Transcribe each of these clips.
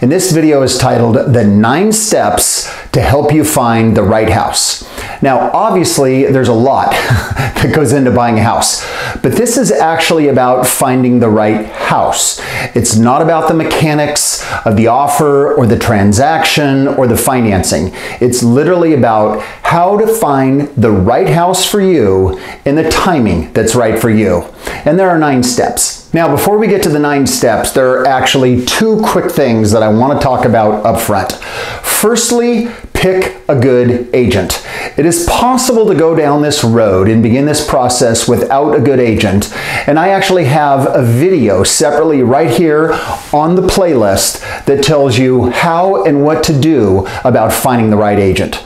And this video is titled The Nine Steps to Help You Find the Right House. Now, obviously, there's a lot that goes into buying a house, but this is actually about finding the right house. It's not about the mechanics of the offer or the transaction or the financing. It's literally about how to find the right house for you and the timing that's right for you. And there are nine steps. Now, before we get to the nine steps, there are actually two quick things that I want to talk about up front. Firstly, pick a good agent. It is possible to go down this road and begin this process without a good agent. And I actually have a video separately right here on the playlist that tells you how and what to do about finding the right agent.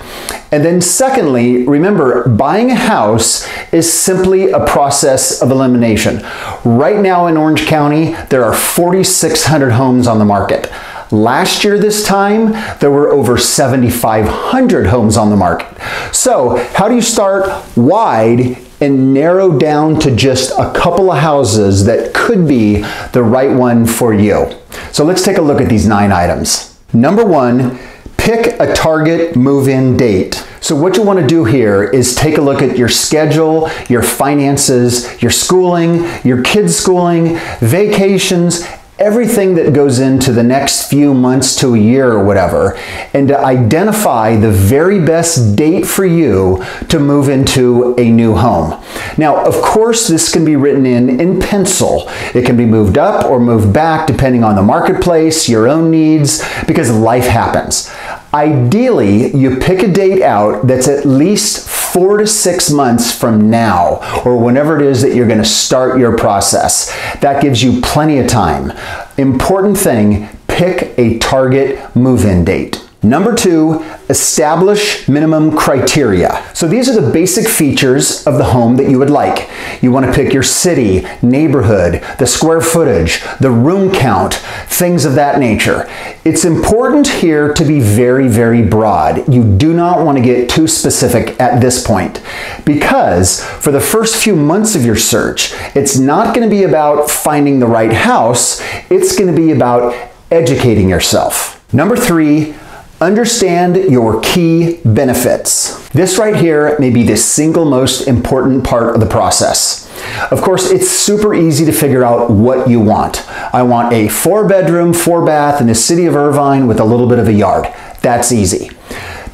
And then secondly, remember, buying a house is simply a process of elimination. Right now in Orange County, there are 4,600 homes on the market. Last year, this time, there were over 7,500 homes on the market. So, how do you start wide and narrow down to just a couple of houses that could be the right one for you? So, let's take a look at these nine items. Number one, Pick a target move-in date. So what you want to do here is take a look at your schedule, your finances, your schooling, your kids' schooling, vacations, everything that goes into the next few months to a year or whatever, and to identify the very best date for you to move into a new home. Now, of course, this can be written in in pencil. It can be moved up or moved back depending on the marketplace, your own needs, because life happens. Ideally, you pick a date out that's at least four to six months from now, or whenever it is that you're going to start your process. That gives you plenty of time. Important thing pick a target move in date. Number two, establish minimum criteria. So these are the basic features of the home that you would like. You want to pick your city, neighborhood, the square footage, the room count, things of that nature. It's important here to be very, very broad. You do not want to get too specific at this point because for the first few months of your search, it's not going to be about finding the right house, it's going to be about educating yourself. Number three, Understand your key benefits. This right here may be the single most important part of the process. Of course, it's super easy to figure out what you want. I want a four bedroom, four bath in the city of Irvine with a little bit of a yard. That's easy.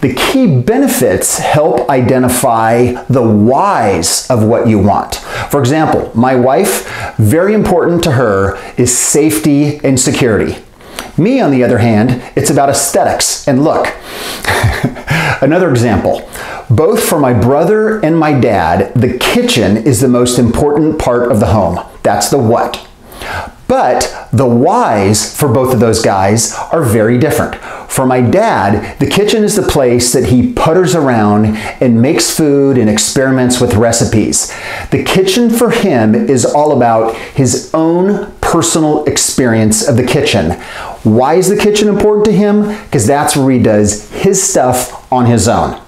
The key benefits help identify the whys of what you want. For example, my wife, very important to her is safety and security. Me, on the other hand, it's about aesthetics and look. Another example. Both for my brother and my dad, the kitchen is the most important part of the home. That's the what. But the whys for both of those guys are very different. For my dad, the kitchen is the place that he putters around and makes food and experiments with recipes. The kitchen for him is all about his own personal experience of the kitchen. Why is the kitchen important to him? Because that's where he does his stuff on his own.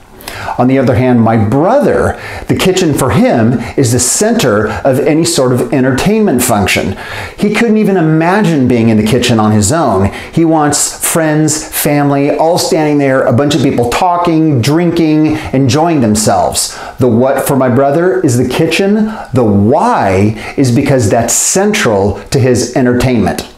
On the other hand, my brother, the kitchen for him is the center of any sort of entertainment function. He couldn't even imagine being in the kitchen on his own. He wants friends, family, all standing there, a bunch of people talking, drinking, enjoying themselves. The what for my brother is the kitchen. The why is because that's central to his entertainment.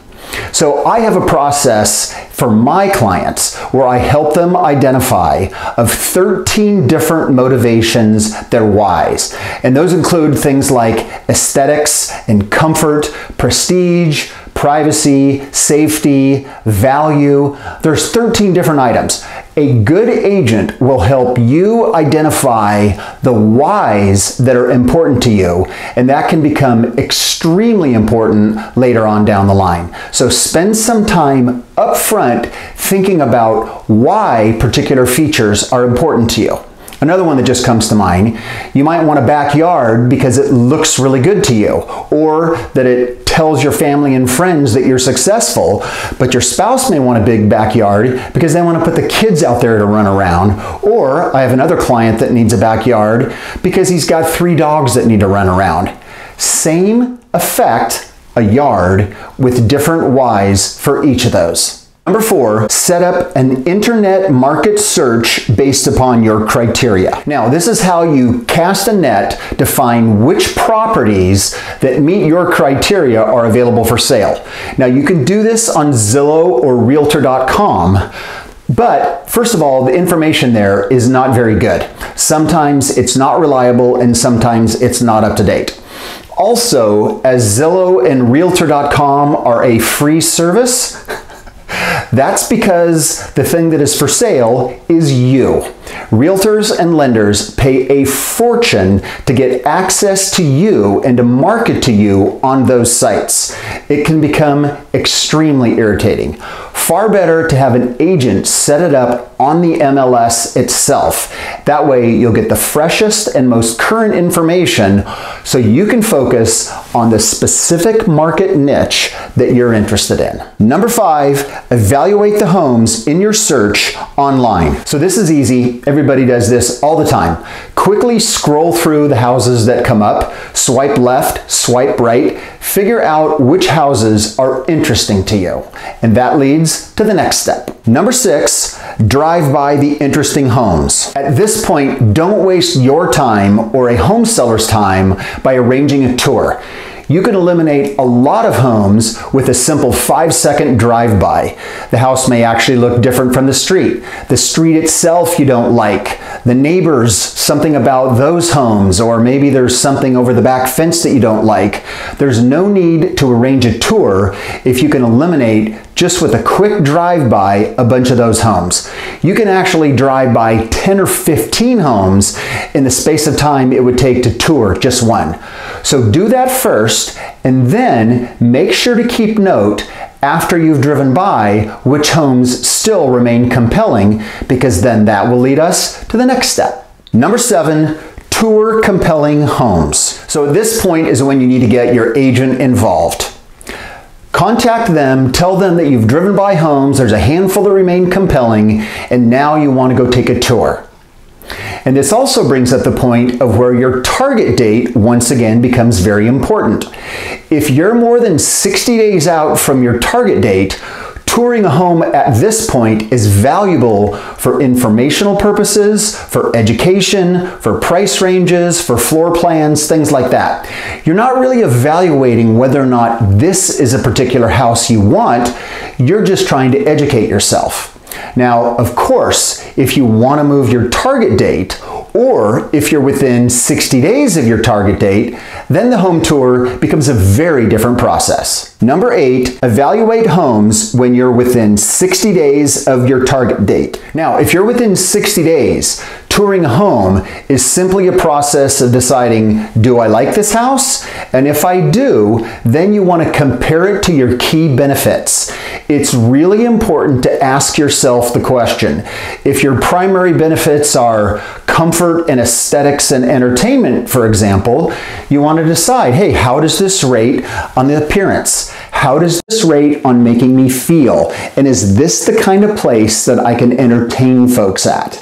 So I have a process for my clients where I help them identify of 13 different motivations their whys. And those include things like aesthetics and comfort, prestige, privacy, safety, value. There's 13 different items. A good agent will help you identify the whys that are important to you, and that can become extremely important later on down the line. So spend some time up front thinking about why particular features are important to you. Another one that just comes to mind, you might want a backyard because it looks really good to you, or that it tells your family and friends that you're successful, but your spouse may want a big backyard because they want to put the kids out there to run around. Or I have another client that needs a backyard because he's got three dogs that need to run around. Same effect, a yard, with different whys for each of those. Number four, set up an internet market search based upon your criteria. Now, this is how you cast a net to find which properties that meet your criteria are available for sale. Now, you can do this on Zillow or Realtor.com, but first of all, the information there is not very good. Sometimes it's not reliable and sometimes it's not up to date. Also, as Zillow and Realtor.com are a free service, that's because the thing that is for sale is you. Realtors and lenders pay a fortune to get access to you and to market to you on those sites. It can become extremely irritating. Far better to have an agent set it up on the MLS itself. That way, you'll get the freshest and most current information so you can focus on the specific market niche that you're interested in. Number five, evaluate the homes in your search online. So this is easy. Everybody does this all the time. Quickly scroll through the houses that come up, swipe left, swipe right, figure out which houses are interesting to you. And that leads to the next step. Number six, drive by the interesting homes. At this point, don't waste your time or a home seller's time by arranging a tour you can eliminate a lot of homes with a simple five second drive by. The house may actually look different from the street. The street itself you don't like. The neighbors, something about those homes, or maybe there's something over the back fence that you don't like. There's no need to arrange a tour if you can eliminate just with a quick drive by a bunch of those homes. You can actually drive by 10 or 15 homes in the space of time it would take to tour just one. So do that first first, and then make sure to keep note after you've driven by which homes still remain compelling because then that will lead us to the next step. Number seven, tour compelling homes. So at this point is when you need to get your agent involved. Contact them, tell them that you've driven by homes, there's a handful that remain compelling, and now you want to go take a tour. And this also brings up the point of where your target date once again becomes very important. If you're more than 60 days out from your target date, touring a home at this point is valuable for informational purposes, for education, for price ranges, for floor plans, things like that. You're not really evaluating whether or not this is a particular house you want, you're just trying to educate yourself. Now, of course, if you want to move your target date or if you're within 60 days of your target date, then the home tour becomes a very different process. Number eight, evaluate homes when you're within 60 days of your target date. Now, if you're within 60 days, touring a home is simply a process of deciding, do I like this house? And if I do, then you want to compare it to your key benefits. It's really important to ask yourself the question, if your primary benefits are comfort and aesthetics and entertainment, for example, you want to decide, hey, how does this rate on the appearance? How does this rate on making me feel? And is this the kind of place that I can entertain folks at?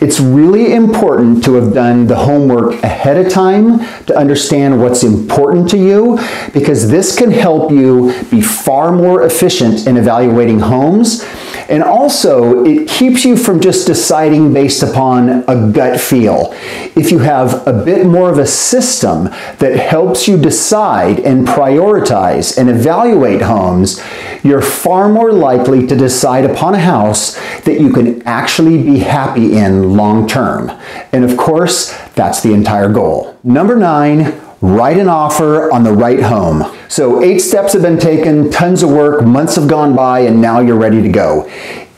It's really important to have done the homework ahead of time to understand what's important to you because this can help you be far more efficient in evaluating homes. And also, it keeps you from just deciding based upon a gut feel. If you have a bit more of a system that helps you decide and prioritize and evaluate homes, you're far more likely to decide upon a house that you can actually be happy in long term. And of course, that's the entire goal. Number nine, write an offer on the right home. So eight steps have been taken, tons of work, months have gone by, and now you're ready to go.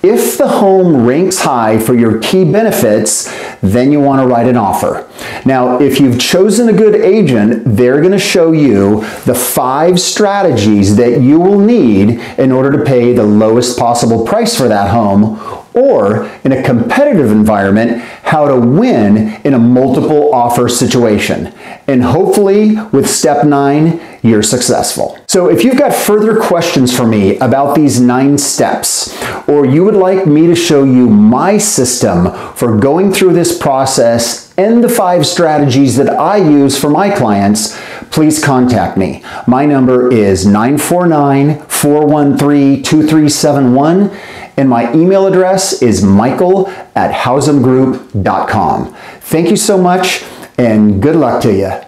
If the home ranks high for your key benefits, then you want to write an offer. Now, if you've chosen a good agent, they're going to show you the five strategies that you will need in order to pay the lowest possible price for that home or in a competitive environment, how to win in a multiple offer situation. And hopefully, with step nine, you're successful. So, if you've got further questions for me about these nine steps, or you would like me to show you my system for going through this process and the five strategies that I use for my clients, please contact me. My number is 949 413 2371 and my email address is michael at housemgroup.com. Thank you so much, and good luck to you.